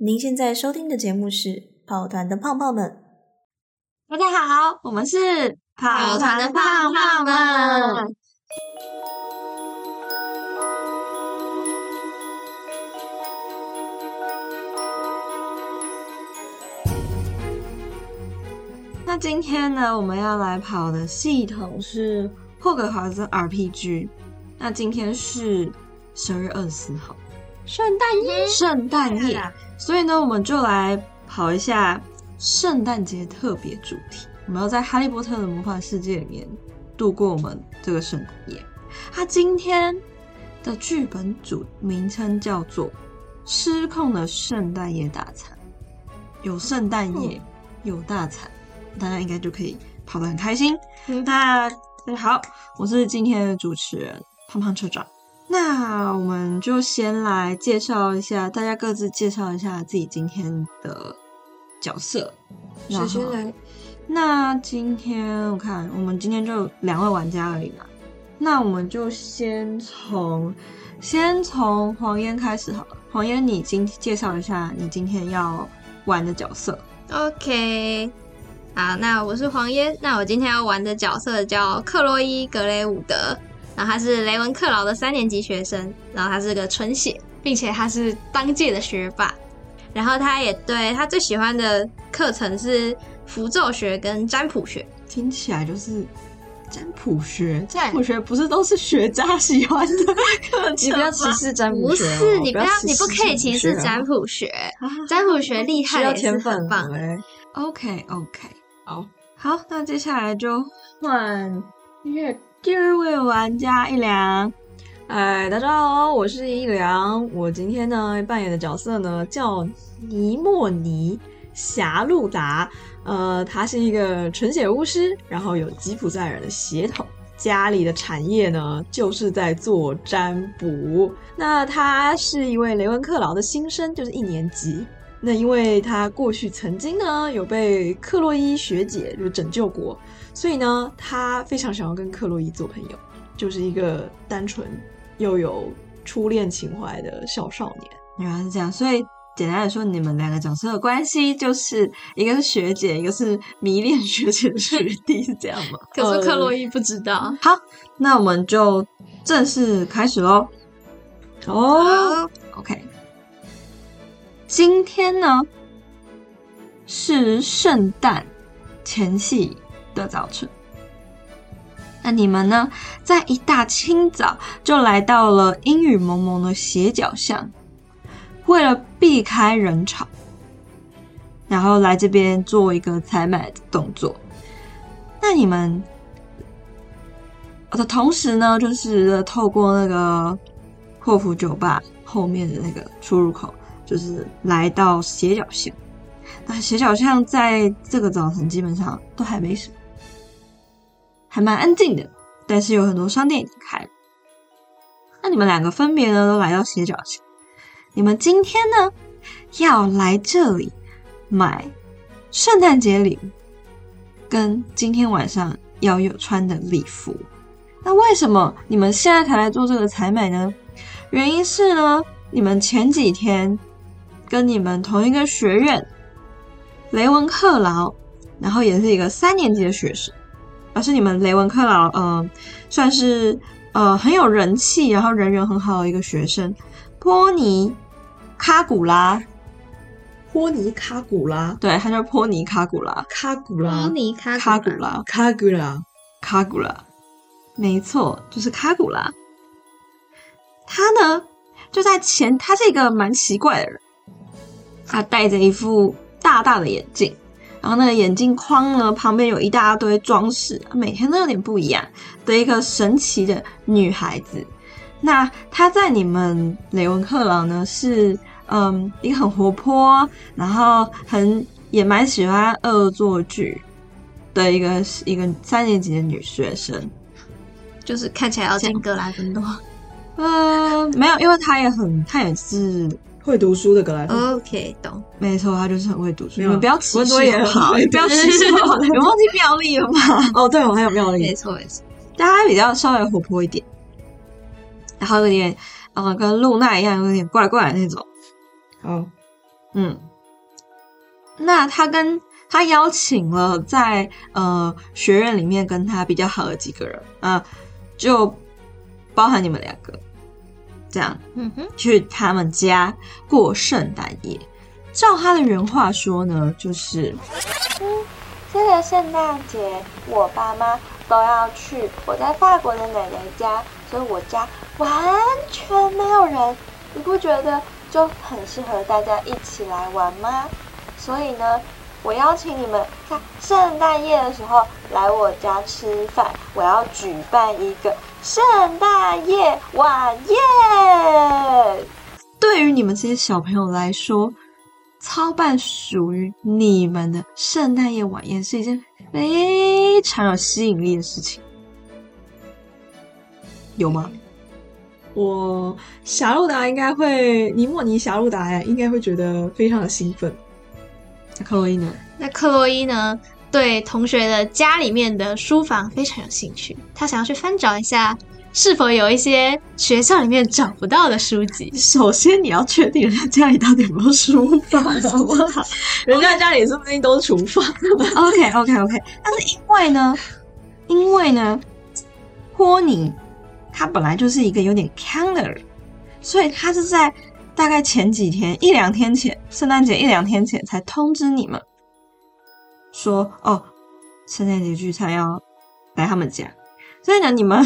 您現在收聽的節目是《跑團的胖胖們》，大家好，我們是跑團的胖胖們，胖胖們 。那今天呢，我們要來跑的系統是《霍格華茲 RPG》，那今天是十二月二十四號，聖誕夜，聖誕夜。所以呢，我們就來跑一下聖誕節特別主題，我們要在《哈利波特的魔法世界》裡面度過我們這個聖誕夜。它今天的劇本組名稱叫做《失控的聖誕夜大餐》，有聖誕夜，有大餐、嗯，大家應該就可以跑得很開心。嗯、那大家好，我是今天的主持人胖胖車長。那我們就先來介紹一下，大家各自介紹一下自己今天的角色。首先來？那今天我看我們今天就兩位玩家而已嘛。那我們就先從先從磺煙開始好了。磺煙，你今介紹一下你今天要玩的角色。OK，好，那我是磺煙。那我今天要玩的角色叫克洛伊·格雷伍德。然後他是雷文克勞的三年級學生，然後他是個純血，並且他是當屆的學霸。然後他也對他最喜歡的課程是符咒學跟占卜學。聽起來就是占卜學，占卜學不是都是學渣喜歡的課程嗎？ 你不要歧視占卜學，哦，不是不你不要你不可以歧視占卜學，占卜學，啊啊、占卜學厲害也是很棒哎、欸。OK OK，好，好，那接下來就換音樂。第二位玩家一涼，哎，大家好，我是一涼。我今天呢扮演的角色呢叫尼莫尼·霞路達，呃，他是一個純血巫師，然後有吉普賽人的血統。家裡的產業呢就是在做占卜。那他是一位雷文克勞的新生，就是一年級。那因為他過去曾經呢有被克洛伊學姐就是、拯救過。所以呢，他非常想要跟克洛伊做朋友，就是一個單純又有初戀情懷的小少年。原、嗯、來是這樣，所以簡單的說，你們兩個角色的關係就是一個是學姐，一個是迷戀學姐的學弟，是這樣嗎？ 可是克洛伊不知道、嗯。好，那我們就正式開始嘍。哦、 oh，OK。今天呢是聖誕前夕。的早晨，那你們呢？在一大清早就來到了陰雨濛濛的斜角巷，為了避開人潮，然後來這邊做一個採買的動作。那你們，我的同時呢，就是透過那個霍福酒吧後面的那個出入口，就是來到斜角巷。那斜角巷在這個早晨基本上都還沒什。還蠻安靜的，但是有很多商店已經開了。那你們兩個分別呢都來到斜角巷。你們今天呢要來這裡買聖誕節禮物，跟今天晚上要有穿的禮服。那為什麼你們現在才來做這個採買呢？原因是呢，你們前幾天跟你們同一個學院——雷文克勞，然後也是一個三年級的學生。是你們雷文克勞，嗯、呃，算是呃很有人氣，然後人緣很好的一個學生，波尼卡古拉，波尼卡古拉，對，他叫波尼卡古拉，卡古拉，波尼卡古拉，卡古拉，卡古拉，卡古拉，沒錯，就是卡古拉。他呢，就在前，他是一個蠻奇怪的人，他戴着一副大大的眼鏡。然後那個眼鏡框呢，旁邊有一大堆裝飾，每天都有點不一樣的一個神奇的女孩子。那她在你們雷文克勞呢，是嗯一個很活潑，然後很也蠻喜歡惡作劇的一個一個三年級的女學生，就是看起來要進格蘭芬多。呃，沒有，因為她也很她也是。會讀書的格萊芬。OK，懂，沒錯，他就是很會讀書。你們不要歧視，也好，也好不要歧視。你忘記妙麗了嗎？ 哦，對，我還有妙麗。沒錯，沒錯。但他比較稍微活潑一點，然後有點，嗯、呃，跟露娜一樣，有點怪怪的那種。好、oh.，嗯。那他跟他邀請了在呃學院裡面跟他比較好的幾個人，啊、呃，就包含你們兩個。這樣、嗯哼，去他們家過聖誕夜。照他的原話說呢，就是，嗯，這個聖誕節我爸媽都要去我在法國的奶奶家，所以我家完全沒有人。你不覺得就很適合大家一起來玩嗎？所以呢。我邀請你們在聖誕夜的時候來我家吃飯，我要舉辦一個聖誕夜晚宴。對於你們這些小朋友來說，操辦屬於你們的聖誕夜晚宴是一件非常有吸引力的事情，有嗎？我霞路達應該會，尼莫尼霞路達呀應該會覺得非常的興奮。克洛伊呢？那克洛伊呢？對同學的家裡面的書房非常有興趣，他想要去翻找一下，是否有一些學校裡面找不到的書籍。首先你要確定人家家裡到底有沒有書房好不好？人家家裡是不是都是廚房 ？OK OK OK, okay。但是因為呢，因為呢，托尼他本來就是一個有點 counter，所以他是在。大概前幾天，一兩天前，聖誕節一兩天前才通知你們說，說哦，聖誕節聚餐要來他們家，所以呢，你們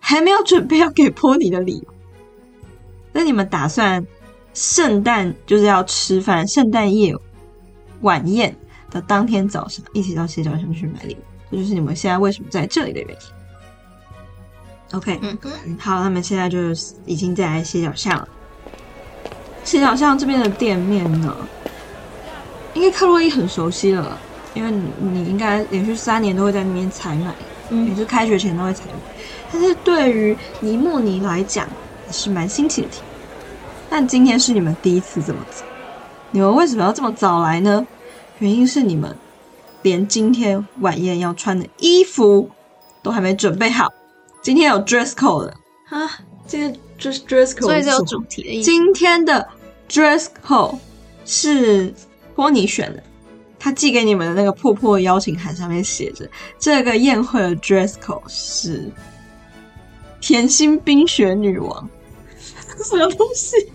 還沒有準備要給坡尼的禮物，所以你們打算聖誕就是要吃飯，聖誕夜晚宴的當天早上一起到斜角巷去買禮物，這就，就是你們現在為什麼在這裡的原因。OK，嗯，好，那麼現在就是已經在斜角巷了。其實，好像這邊的店面呢，因為克洛伊，很熟悉了，因為你，你應該連續三年都會在那邊採買，也、嗯、是開學前都會採買。但是對於尼莫尼來講，是蠻新奇的體驗。但今天是你們第一次這麼早，你們為什麼要這麼早來呢？原因是你們連今天晚宴要穿的衣服都還沒準備好。今天有 dress code 了？有的啊，今天 dress dress code，所以就有主題的。今天的 dress code 是托尼選的，他寄給你們的那個破破邀請函上面寫着，這個宴會的 dress code 是甜心冰雪女王， 什麼東西？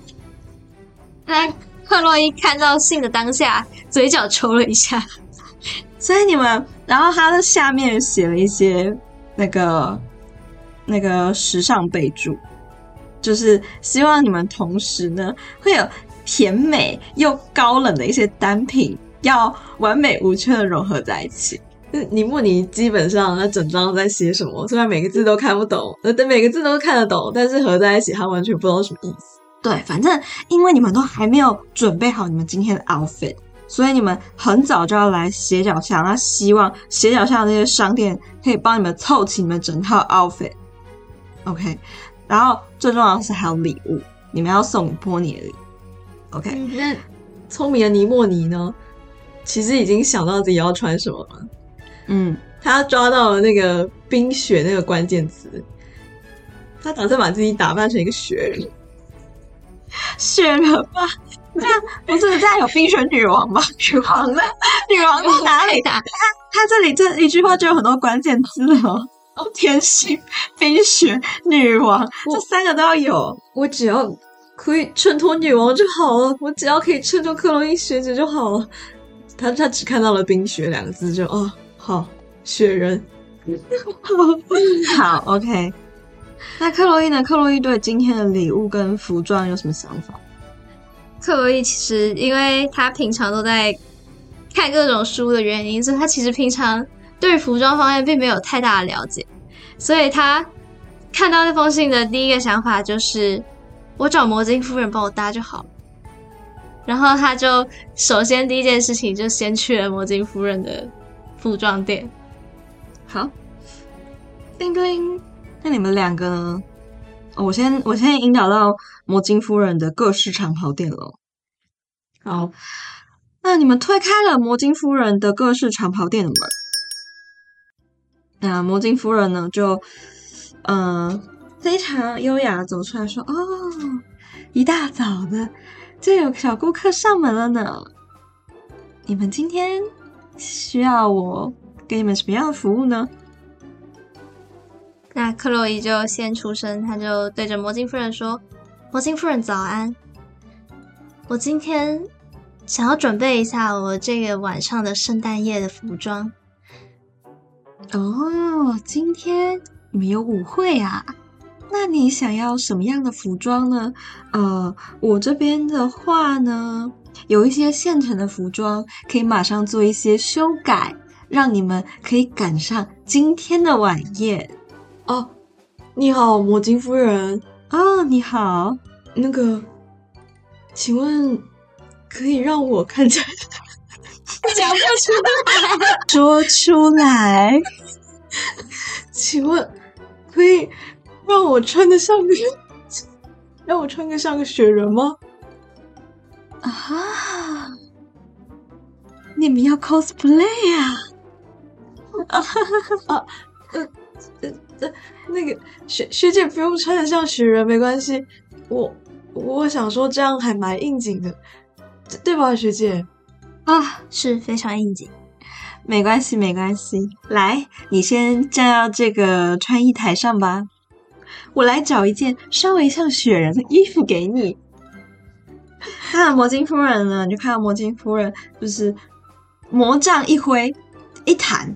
那、嗯、克洛伊看到信的當下，嘴角抽了一下。 所以你們，然後他的下面寫了一些那個那個時尚備注，就是希望你們同時呢會有。甜美又高冷的一些單品，要完美無缺的融合在一起。尼莫尼基本上，那整張在寫什麼？雖然每個字都看不懂，呃，每個字都看得懂，但是合在一起，它完全不知道什麼意思。對，反正因為你們都還沒有準備好你們今天的 outfit，所以你們很早就要來斜角巷。那希望斜角巷那些商店可以幫你們湊齊你們整套 outfit。OK，然後最重要的是還有禮物，你們要送給波尼的 OK，那、嗯、聰明的尼莫尼呢？其實已經想到自己要穿什麼了。嗯，他抓到了那個冰雪那個關鍵詞，他打算把自己打扮成一個雪人，雪人吧？這 樣不是這樣有冰雪女王嗎？女王呢？ 女王在哪裡？打他，他這裡這一句話就有很多關鍵詞哦：天性、冰雪、女王，這三個都要有。我只要。可以襯托女王就好了，我只要可以襯托克洛伊學姐就好了。他他只看到了“冰雪”兩個字就哦，好雪人。 好 OK。那克洛伊呢？克洛伊對今天的禮物跟服裝有什麼想法？克洛伊其實，因為她平常都在看各種書的原因，所以她其實平常對服裝方面並沒有太大的了解。所以她看到那封信的第一個想法就是。我找摩金夫人幫我搭就好，然後他就首先第一件事情就先去了摩金夫人的服裝店。好，叮鈴。那你們兩個呢，呢、哦、我先我先引導到摩金夫人的各式長袍店嘍。好，那你們推開了摩金夫人的各式長袍店的門，那摩金夫人呢就，嗯、呃。非常優雅走出來說：“哦，一大早的就有小顧客上門了呢。你們今天需要我給你們什麼樣的服務呢？”那克洛伊就先出聲，她就對着摩金夫人說：“摩金夫人早安，我今天想要準備一下我這個晚上的聖誕夜的服裝。哦，今天你們有舞會啊？”那你想要什麼樣的服裝呢？呃，我這邊的話呢，有一些現成的服裝，可以馬上做一些修改，讓你們可以趕上今天的晚宴。哦，你好，摩金夫人啊。哦，你好，那個，請問可以讓我看見 講不出來 說出來， 請問可以。讓我穿的像個，讓我穿的像個雪人嗎？啊！你們要 cosplay 呀、啊？啊哈哈哈，呃呃呃，那個學學姐不用穿的像雪人，沒關係。我我想說這樣還蠻應景的，對吧，學姐？啊，是非常應景。沒關係，沒關係。來，你先站到這個穿衣台上吧。我來找一件稍微像雪人的衣服給你。 啊，摩金夫人呢？你就看到摩金夫人就是魔杖一揮一彈，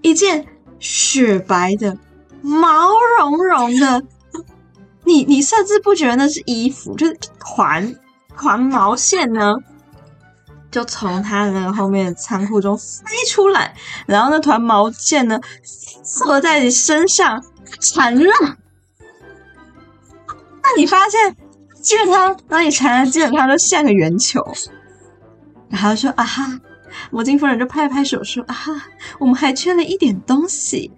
一件雪白的毛茸茸的， 你你甚至不覺得那是衣服，就是一團團毛線呢，就從他的後面的倉庫中飛出來，然後那團毛線呢，縮在你身上纏繞。你發現，基本上當你纏上基本上都像個圓球， 然後說啊哈，摩金夫人就拍了拍手說啊哈，我們還缺了一點東西。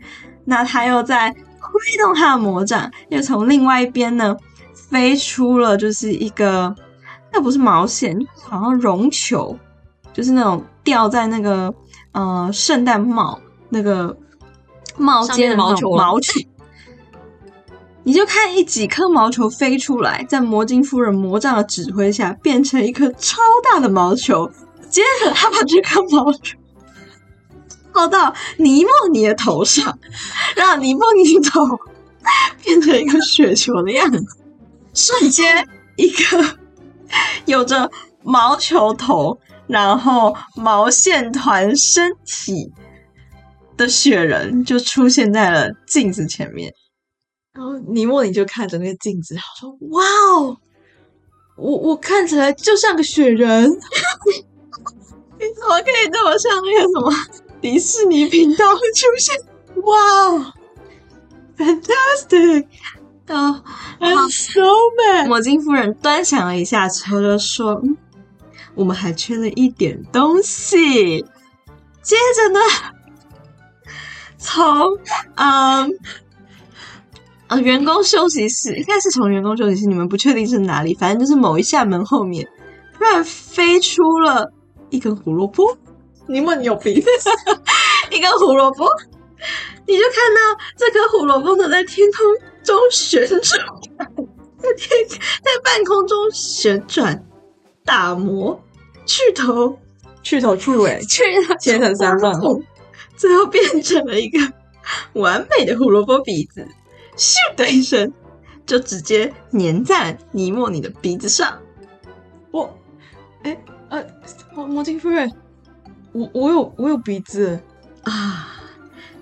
那他又在揮動他的魔杖，又從另外一邊呢飛出了就是一個，那不是毛線，好像絨球，就是那種吊在那個呃聖誕帽那個帽尖的，的毛球，毛球。你就看一幾顆毛球飛出來，在魔晶夫人魔杖的指揮下，變成一顆超大的毛球。接着，他把這顆毛球拋到尼莫尼的頭上，讓尼莫尼的頭變成一個雪球的樣子。瞬間，一個有着毛球頭、然後毛線團身體的雪人就出現在了鏡子前面。然後尼莫尼，你就看着那個鏡子，說：“哇哦，我我看起來就像個雪人， 你怎麼可以這麼像那個什麼迪士尼頻道會出現？ 哇哦，fantastic！I'm、uh, so mad。」魔鏡夫人端詳了一下，之後就說：“我們還缺了一點東西。”接着呢，從嗯。Um, 呃、員工休息室應該是從員工休息室，你們不確定是哪裡，反正就是某一扇門後面，突然飛出了一根胡蘿蔔，你們有鼻子 一根胡蘿蔔，你就看到這根胡蘿蔔正在天空中旋轉，在 天在半空中旋轉打磨去頭去頭、欸、去尾，切成三段，最後變成了一個完美的胡蘿蔔鼻子。咻的一聲，就直接粘在尼莫你的鼻子上。我，哎、欸，呃、啊，魔魔鏡夫人，我我有我有鼻子啊！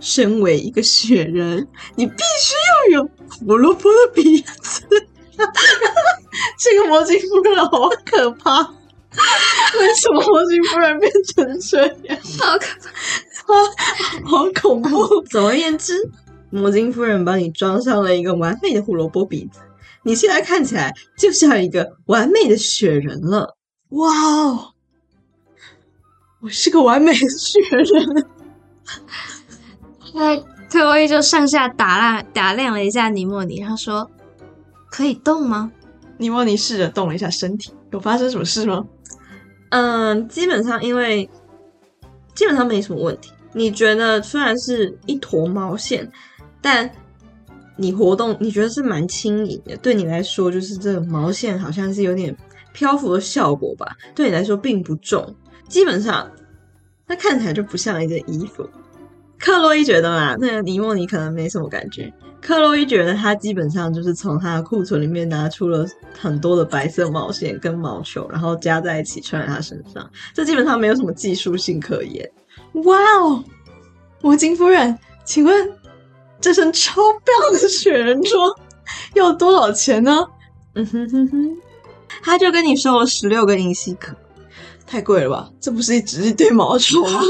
身為一個雪人，你必須要有胡蘿蔔的鼻子。 這個魔鏡夫人好可怕！ 為什麼魔鏡夫人變成這樣？ 好可怕、啊！好恐怖！ 總而言之。魔晶夫人幫你裝上了一個完美的胡蘿蔔鼻子，你現在看起來就像一個完美的雪人了！哇哦，我是個完美的雪人 ！ 他特意就上下打量打量了一下尼莫尼，他說：“可以動嗎？”尼莫尼試着動了一下身體，有發生什麼事嗎？嗯，基本上因為基本上沒什麼問題。你覺得雖然是一坨毛線。但你活動，你覺得是蠻輕盈的，對你來說，就是這個毛線好像是有點漂浮的效果吧？對你來說並不重，基本上它看起來就不像一件衣服。克洛伊覺得嘛，那個尼莫尼可能沒什麼感覺。克洛伊覺得他基本上就是從他的庫存裡面拿出了很多的白色毛線跟毛球，然後加在一起穿在他身上，這基本上沒有什麼技術性可言。哇哦，摩金夫人，請問？這身超棒的雪人裝要多少錢呢？嗯哼哼哼，他就跟你收了十六個銀西可，太貴了吧？這不是一隻一對毛球嗎？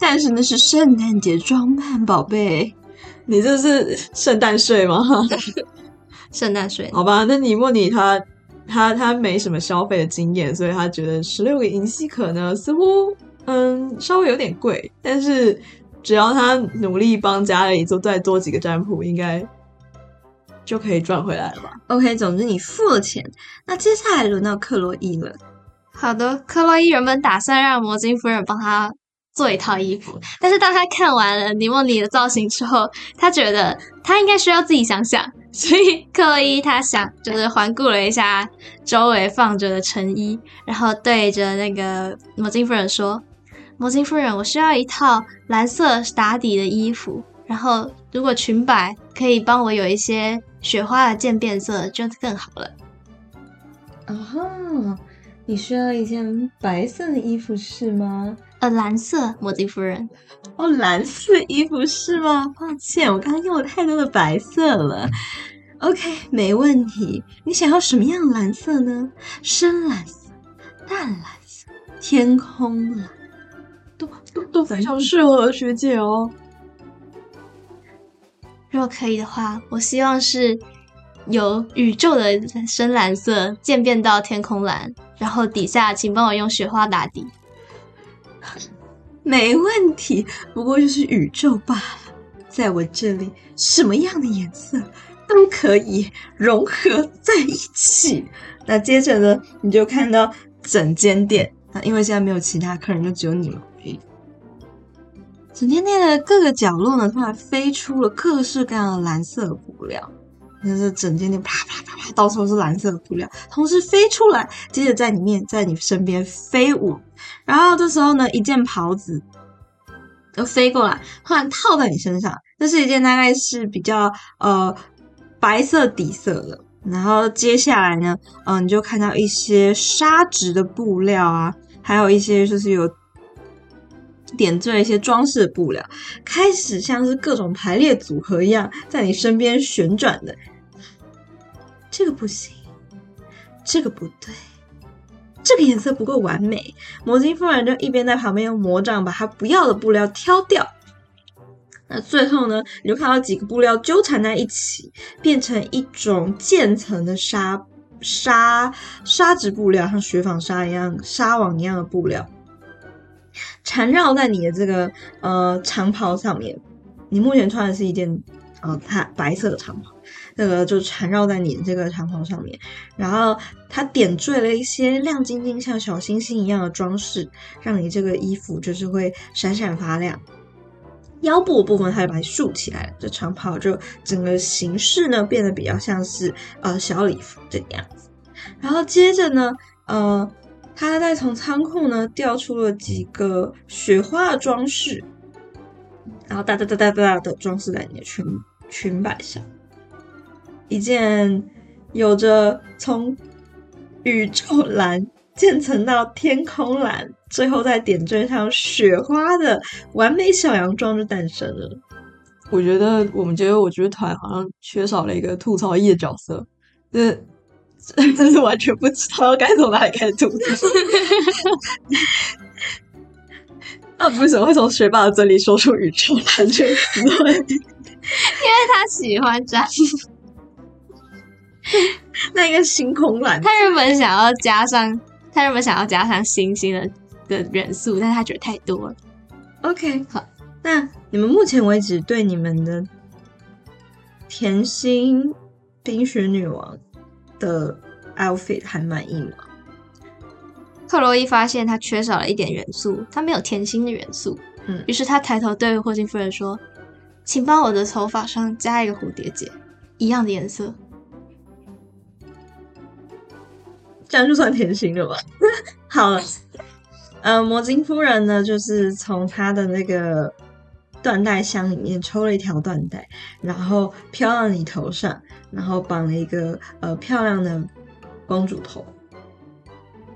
但是那是聖誕節裝扮，寶貝，你這是聖誕稅嗎？聖誕稅？好吧，那尼莫尼他他他沒什麼消費的經驗，所以他覺得十六個銀西可呢，似乎嗯稍微有點貴，但是。只要他努力幫家裡做再多幾個占卜，應該就可以賺回來了吧。OK，總之你付了錢，那接下來輪到克洛伊了。好的，克洛伊原本打算讓摩金夫人幫他做一套衣服，但是當他看完了尼莫尼的造型之後，他覺得他應該需要自己想想。所以克洛伊他想，就是環顧了一下周圍放着的成衣，然後對着那個摩金夫人說。摩金夫人，我需要一套藍色打底的衣服，然後如果裙襬可以幫我有一些雪花的漸變色就更好了。哦，你需要一件白色的衣服是嗎？呃，藍色，摩金夫人。哦，藍色衣服是嗎？抱歉，我剛剛用了太多的白色了。OK，沒問題。你想要什麼樣藍色呢？深藍色、淡藍色、天空藍？都都非常適合學姐哦。如果可以的話，我希望是有宇宙的深藍色漸變到天空藍，然後底下請幫我用雪花打底。沒問題，不過就是宇宙罷了。在我這裡，什麼樣的顏色都可以融合在一起。嗯。那接着呢，你就看到整間店，那因為現在沒有其他客人，就只有你了。整間店的各個角落呢，突然飛出了各式各樣的藍色的布料，就是整間店啪啪啪啪，啪到處都是藍色的布料，同時飛出來，接着在裡面在你身邊飛舞。然後這時候呢，一件袍子，都飛過來，突然套在你身上。這、就是一件大概是比較呃白色底色的。然後接下來呢，嗯、呃，你就看到一些紗質的布料啊，還有一些就是有。點綴了一些裝飾的布料，開始像是各種排列組合一樣在你身邊旋轉的。這個不行，這個不對，這個顏色不夠完美。魔晶夫人就一邊在旁邊用魔杖把它不要的布料挑掉。那最後呢，你就看到幾個布料糾纏在一起，變成一種漸層的紗紗，紗紗質布料，像雪紡紗一樣、紗網一樣的布料。纏繞在你的這個呃長袍上面，你目前穿的是一件呃它，白色的長袍，那、這個就纏繞在你的這個長袍上面，然後它點綴了一些亮晶晶像小星星一樣的裝飾，讓你這個衣服就是會閃閃發亮。腰部的部分它就把你豎起來了，這長袍就整個形式呢變得比較像是呃小禮服，這個樣子。然後接着呢，呃。他再從倉庫呢調出了幾個雪花裝飾，然後噠噠噠噠噠的裝飾在你的裙裙擺上，一件有着從宇宙藍漸層到天空藍，最後再點綴上雪花的完美小洋裝就誕生了。我覺得我們我覺得我覺得團好像缺少了一個吐槽役的角色。嗯。真是完全不知道該從哪裡開始吐槽。那為什麼會從學霸的嘴裡說出宇宙完全不對？因為他喜歡佔 那一個星空藍。他原本想要加上，他原本想要加上星星的的元素，但他覺得太多了。OK，好，那你們目前為止對你們的甜心冰雪女王的 outfit 還滿意嗎？克洛伊發現他缺少了一點元素，他沒有甜心的元素。嗯，於是他抬頭對霍金夫人說：“請幫我的頭髮上加一個蝴蝶結，一樣的顏色。”這樣就算甜心了吧？ 好了， 呃，魔晶夫人呢，就是從她的那個緞帶箱裡面抽了一條緞帶，然後飄到你頭上。然後綁了一個呃，漂亮的公主頭，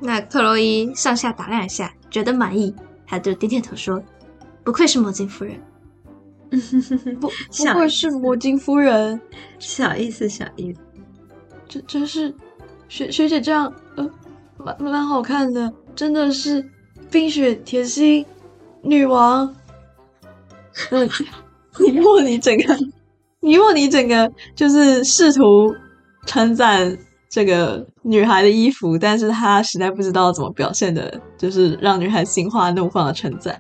那克洛伊上下打量一下，覺得滿意，她就點點頭說：“不愧是摩金夫人， 不不愧是摩金夫人，小意思小意思，真真是學學姐這樣，呃，蠻蠻好看的，真的是冰雪甜心女王，嗯、 你莫你整個。”因為你整個就是試圖稱讚這個女孩的衣服，但是她實在不知道怎麼表現的，就是讓女孩心花怒放的稱讚。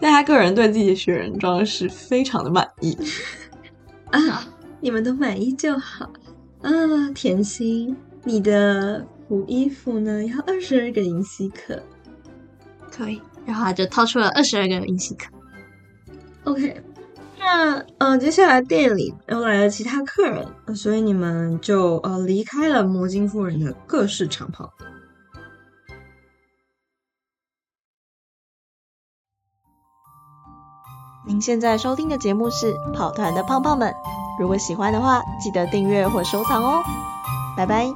但他個人對自己的雪人裝是非常的滿意。啊，你們都滿意就好。啊，甜心，你的衣服呢要二十二個銀西可，可以。然後他就掏出了二十二個銀西可。OK。那，嗯、呃，接下來店裡又來了其他客人，所以你們就呃離開了魔晶夫人的各式長袍。您現在收聽的節目是《跑團的胖胖們》，如果喜歡的話，記得訂閱或收藏哦。拜拜。